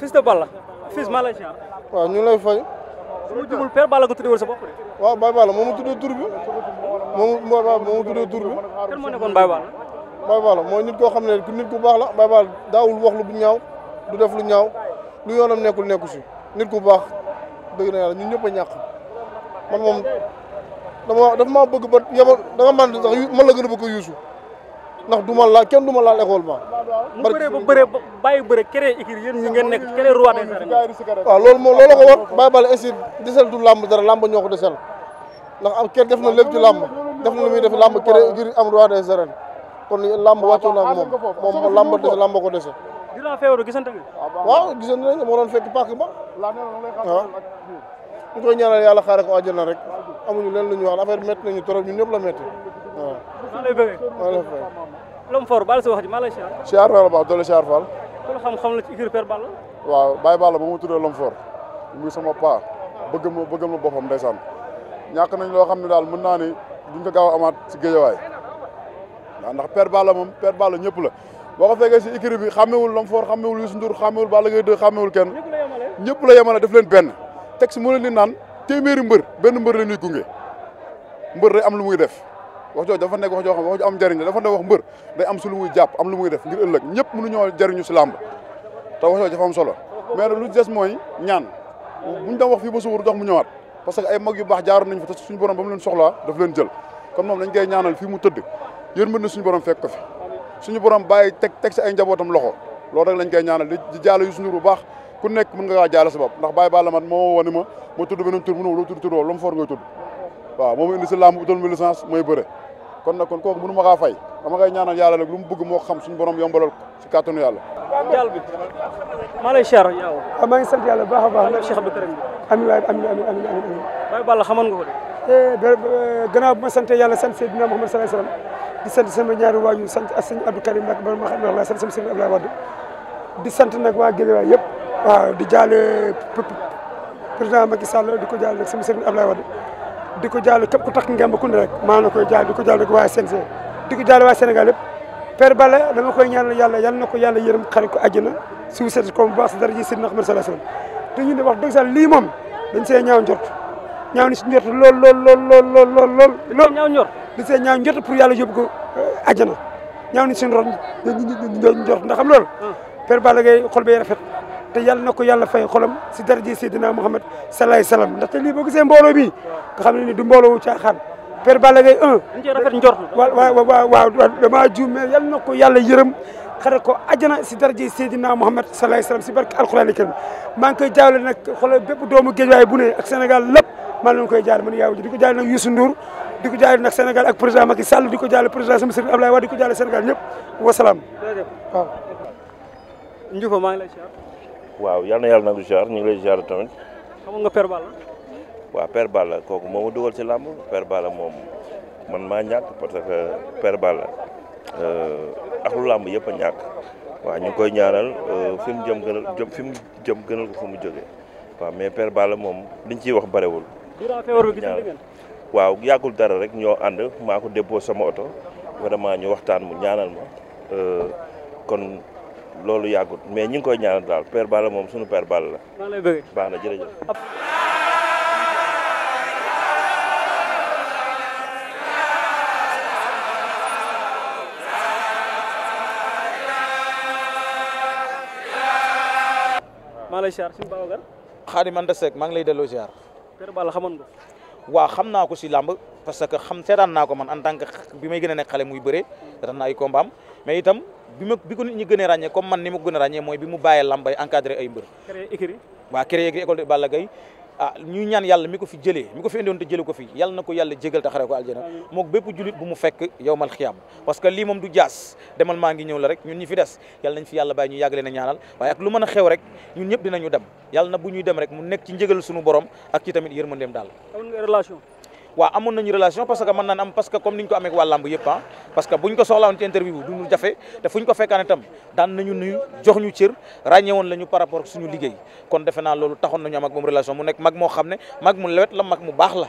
Fils de Balla Fils maa lay waaw ñu lay fay. su ma jubul père Balla sa bopp waaw Baye Balla moo ma tuddee tur bi moom moo ma tuddee tur bi. kan moo nekkoon Baye Balla. Baye mooy nit koo xam ne nit ku baax la Baye Balla daawul wax lu bu ñaaw du def lu ñaaw lu yoonam nekkul nekku si nit ku baax dëgg na yàlla ñun ñëpp a man moom dama dafa maa bëgg ba yabal danga man sax man la gën a bëgg a yuusu. ndax du ma laal kenn du ma laal école ba. parce que mu bëree ba bëree bàyyi bëre créé écurie yéen ñu ngeen nekk créé roi des arènes. waaw loolu moom loolu ko war bàyyi bale ainsi du làmb dara làmb ñoo ko ndax am kenn def na lépp ci làmb def na lu muy def làmb créé écurie am roi des arènes kon làmb na ak moom moom làmb dese làmb ko dese. dinaa feebar gisante nga. Ah, waaw gisante nañ moo doon ah. yàlla xaare ko àjjana rek amuñu leen la ñu wax affaire métti nañu trop ñun ñëpp la métti maa lay bëggee. maa lay Lom Fort baal sa wax ji maa lay siyaar. siyaar Fall baax doole siyaar Fall. xam la ci écurie Père Balla. waaw Baye Balla ba mu tuddee Lom Fort muy sama paa bëgg ma bëgg ma boppam ndeysaan ñàkk nañ loo xam ne daal mën naa ne duñ ko gaaw amaat si géejawaay waaw ndax Père Balla moom Père Balla ñëpp la boo ko fekkee si écurie bi xàmmewul Lom Fort xàmmewul Youssou Ndour xàmmewul Balla Gaye 2 xàmmewul kenn ñëpp la yemale def leen benn teg si mu leen di naan téeméeri mbër benn mbër la ñuy gunge mbër day am lu muy def wax jooju dafa nekk wax joo xam wax ju am njëriñ la dafa ne wax mbër day am si lu muy jàpp am lu def ngir ëllëg ñëpp mënuñoo jëriñu wax jooju am solo lu des ñaan buñ doon wax fii ba suur dox mu ñëwaat parce que ay mag yu baax jaaroon nañ fa te suñu borom ba mu leen soxlaa daf ñaanal fii mu tëdd yërmande suñu borom fekk fi suñu borom bàyyi teg teg si ay njabootam loxo loolu rek lañ koy ñaanal di jaale yu suñu bu baax ku nekk mën nga kaa jaale sa bopp ndax bàyyi bàlla man moo woo ne ma ma tudd beneen tur mu ne ma loo tudd foor ngay tudd waaw moom indi si làmb bu doon licence mooy bëre kon nag kon kooku mënu ma kaa fay dama koy ñaanal yàlla nag lu mu bëgg moo xam suñu borom yombalal si kàttanu yàlla. jàll bi maa lay siyaar yow. waaw ah, maa ngi sant yàlla bu baax a baax. Cheikh Abdou Karim. amiin waay amiin amiin amiin amiin. Baye Balla xamoon nga ko de. Eh, eh, gannaaw bu ma sant yàlla sant Seydina Muhammad sallallahu alayhi wasallam di sant sama ñaari waajur sant ak sëñ Abdou Karim ak ma xam ne wax sant sama sëñ Abdoulaye Wade di sant nag waa Guédiawaye yëpp. waaw di jaale président Macky Sall di ko jaale nag sama sëñ Abdoulaye Wade di ko jàll képp ku takk ngemb ku ne rek maa la koy jàll di ko jàll rek waa CNG di ko jàll waa Sénégal yëpp Père Balla dama koy ñaanal yàlla yal na ko yàlla yërëm xarit ko àjjana suuf seet ko bu baax si dara ji Seydina Ahmed sallallahu alayhi wasallam te ñu ne wax lii moom dañ see ñaaw njort ñaaw ni si njort lool lool lool lool lool lool lool lool ñaaw njort dañ see ñaaw njort pour yàlla yóbbu ko àjjana ñaaw ni suñu ron njort ndax xam loolu bala Balla ngay xol bay rafet te yàlla na ko yàlla fay xolam si daraje Seydina Mouhamed salaay salaam ndaxte lii boo gisee mbooloo bi nga xam ne ni du mbooloo wu a Père Balla Gaye 1 waaw waaw waaw damaa juum mais na ko yàlla yërëm xare ko ajana si daraje Seydina Mouhamed salaay salaam si barke alxuraan karim maa ngi koy jaawle nag xoolal bépp doomu Guédiawaye bu ne ak Sénégal lépp maa leen koy jaal man yaa ji di ko jaal nag Youssou Ndour di ko jaale nag Sénégal ak président Macky Sall di ko jaale président sama sëriñ Abdoulaye Wade di ko jaale Sénégal ñëpp wasalaam waaw maa ngi lay waaw yal na yàlla nangu ziar ñu ngi lay ziar tamit. xam nga Père waaw Père Balla kooku moo ma dugal ci làmb Père Balla moom man maa ñàkk parce que Père Balla euh, ak lu làmb yëpp a ñàkk waaw ñu ngi koy ñaanal euh, fi mu jëm gënal jëm fi mu jëm gënal ko fu mu jógee waaw mais Père Balla moom liñ ciy wax barewul. waaw yàggul dara rek ñoo ànd maa ko déposé sama oto vraiment ñu waxtaan mu ñaanal ma euh, kon. loolu yàggut mais ñu ngi koy ñaanal daal Père Balla moom suñu Père Balla la. baax na jërëjëf. maa lay siyaar suñu Babacar. Xaadim Anta Seck maa ngi lay delloo siyaar. Père Balla xamoon nga. xam naa ko si làmb parce que xam seedaan naa ko man en tant que bi may gën a nekk xale muy bëre seetaan naa ay kombaam mais itam bi ma bi ko nit ñi gën a comme man ni ma ko gën mooy bi mu bàyyee lambay encadré ay mbër. créé écurie waaw école de Balla Gaye ah ñuy ñaan yàlla mi ko fi jëlee mi ko fi indiwoon te jëlee ko fi yàlla na ko yàlla jégal taxare ko aljana mook bépp julit bu mu fekk yow mal parce que lii moom du jaas demal maa ngi ñëw la rek ñun ñi fi des yàlla nañ fi yàlla bàyyi ñu yàgg leen a ñaanal waaye ak lu mën a xew rek ñun ñëpp ñu dem yàlla na bu ñuy dem rek mu nekk ci njëgal suñu borom ak ci tamit yërmandeem daal waaw amoon nañu relation parce que mën naan am parce que comme ni ñu ko amee waa làmb yëpp ah parce que buñ ko soxlawoon ci interview du ñu jafe te fuñ ko fekkaan itam daan nañu nuyu jox ñu cër ràññewoon la par rapport suñu liggéey kon defe naa loolu taxoon nañu am ak moom relation mu nekk mag moo xam ne mag mu lewet la mag mu baax la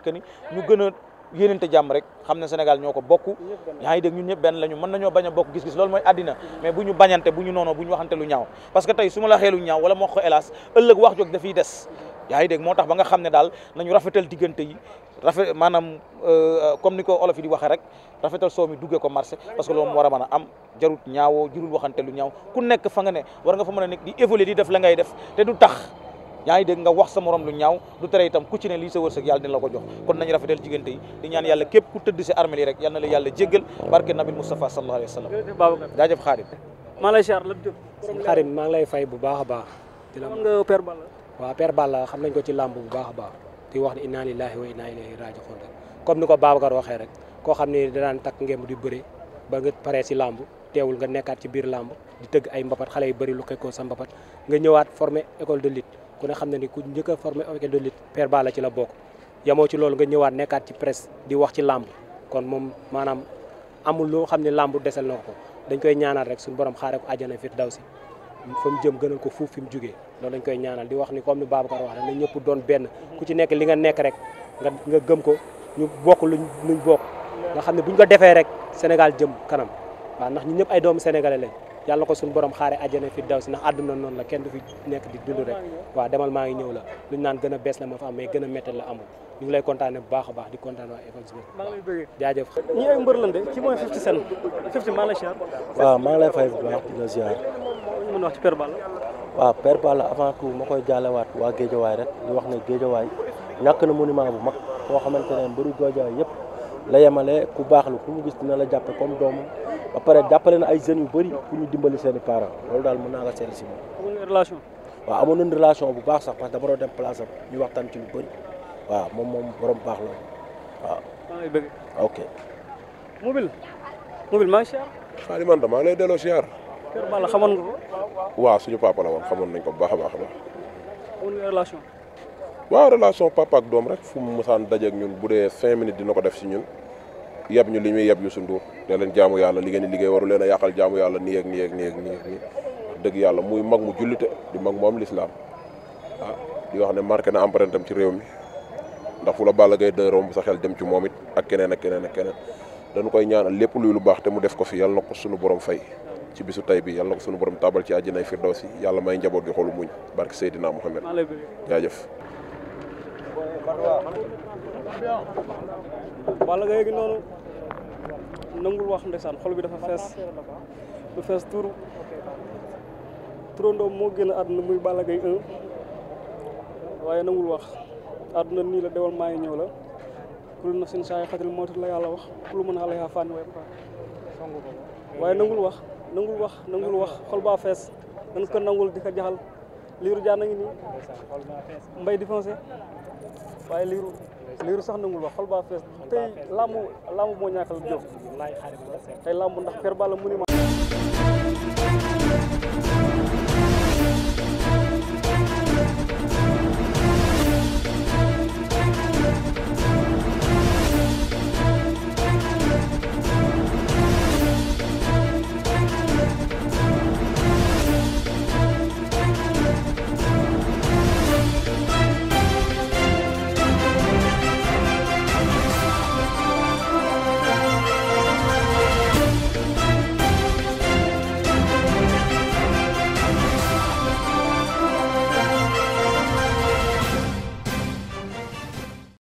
mooy que ni ñu gën a yéenante rek xam ne Sénégal ñoo ko bokk yaa ngi dégg ñun ñëpp benn la ñu mën a bokk gis-gis loolu mooy àddina mais bu ñu bañante bu ñu noonoo bu ñu waxante lu ñaaw parce que tey su la xeelu ñaaw wala moo tax ba nga xam ne daal nañu rafetal diggante yi rafet maanaam euh, comme ni ko olof yi di waxee rek rafetal soo mi duggee ko marché parce que loolu moo war a mën a am jarut ñaawoo jurul waxante lu ñaaw ku nekk fa nga ne war nga fa mën a nekk di évoluer def la ngay def yaa ngi dégg nga wax sa morom lu ñaaw du tere itam ku ci ne lii sa wërsëg yàlla dina la ko jox kon nañ rafetal diggante yi di ñaan yàlla képp ku tëdd si armel yi rek yal na la yàlla jéggal barke nabil Moustapha sallallahu alayhi wa sallam jaajëf xaadim maa lay la jóg maa ngi lay fay bu baax a baax di la nga Père Balla waaw xam nañ ko ci làmb bu baax a baax di wax ne inna lillahi wa inna ilayhi raji'un comme ni ko Babacar waxee rek koo xam ne danaan takk ngemb di bëre ba nga paree si nga nekkaat ci biir làmb di tëgg ay mbapat xale yu bëri lu xekkoo sa mbapat nga ñëwaat formé école de lutte ku ne xam ne ni ku njëkk a formé avec de lutte Père Balla ci la bokk yamoo ci loolu nga ñëwaat nekkaat ci presse di wax ci làmb kon moom maanaam amul loo xam ne làmb desal na ko dañ koy ñaanal rek suñu borom xaare ko àjjana firdawsi fa mu jëm gënal ko fuuf fi mu jugee loolu dañ koy ñaanal di wax ni comme ni Babacar wax na ñëpp doon benn ku ci nekk li nga nekk rek nga nga gëm ko ñu bokk luñ luñ bokk nga xam ne buñ ko defee rek Sénégal jëm kanam waa ndax ñu ñëpp ay doomu sénégalais yàlla ko suñu borom xaare àjjana fi daw si ndax àdduna noonu la kenn du fi nekk di dund rek waaw demal maa ngi ñëw la lu ñu naan gën a bees la ma fa a métti la amul ñu ngi lay kontaane bu baax a baax di kontaan jaajëf ñi ay mbër lan de ci mooy maa ngi lay fay bu baax di waaw Père Balla avant tout ma koy jaalewaat waa Géejawaay rek di wax ne Géejawaay ñàkk na monument bu mag koo xamante ne mbëru Géejawaay yëpp la yemale ku baax la ku mu gis dina la jàppe comme doomam ba pare jàppale na ay jeunes yu bëri pour ñu dimbali seeni i parents loolu daal mën naa la seetlu si moom. relation. waaw amoon nañu relation bu baax sax parce que dama doon dem waxtaan ci lu bëri waaw moom moom borom baax la waaw. maa ngi bëgg. ok. mobile. mobile maa ngi siyaar. xaaral xamoon nga waaw suñu papa la woon xamoon nañ ko bu baax a baax baax. waaw relation papa ak doom rek fu mu mosaan dajeeg ñun bu dee cinq minutes dina ko def si ñun yeb ñu li ñuy yeb Youssou Ndour ne leen jaamu yàlla li ngeen di liggéey waru leen a yàqal jaamu yàlla nii ak nii ak nii ak nii dëgg yàlla muy mag mu jullite di mag mu am lislaam ah di wax ne marqué na empreinte am ci réew mi ndax fu la Balla Gaye de romb sa xel dem ci moom it ak keneen ak keneen ak keneen dañu koy ñaanal lépp luy lu baax te mu def ko fi yal na ko suñu borom fay ci bisu tay bi yàlla na ko borom tabal ci àjjana firdawsi yàlla may njaboot gi xolu muñ barke Seydina Muhammad jaajëf Balla Gaye gi noonu nangul wax ndeysaan xol bi dafa fees du fees tur turandoom moo génn àdduna muy Balla Gaye 1 waaye nangul wax àdduna nii la dewal maa ngi ñëw la kul na seen saay xatil moo la yàlla wax kul mën a la yaa fànn waaye waaye nangul wax nangul wax nangul wax xol baa fees dañ ko nangul di ko jaxal liiru jaan a ngi nii mbay di waaye liiru liiru sax nangul wax xol baa fees tey làmb làmb moo ñàkkal jóg tey làmb ndax Kër Balla mu ni ma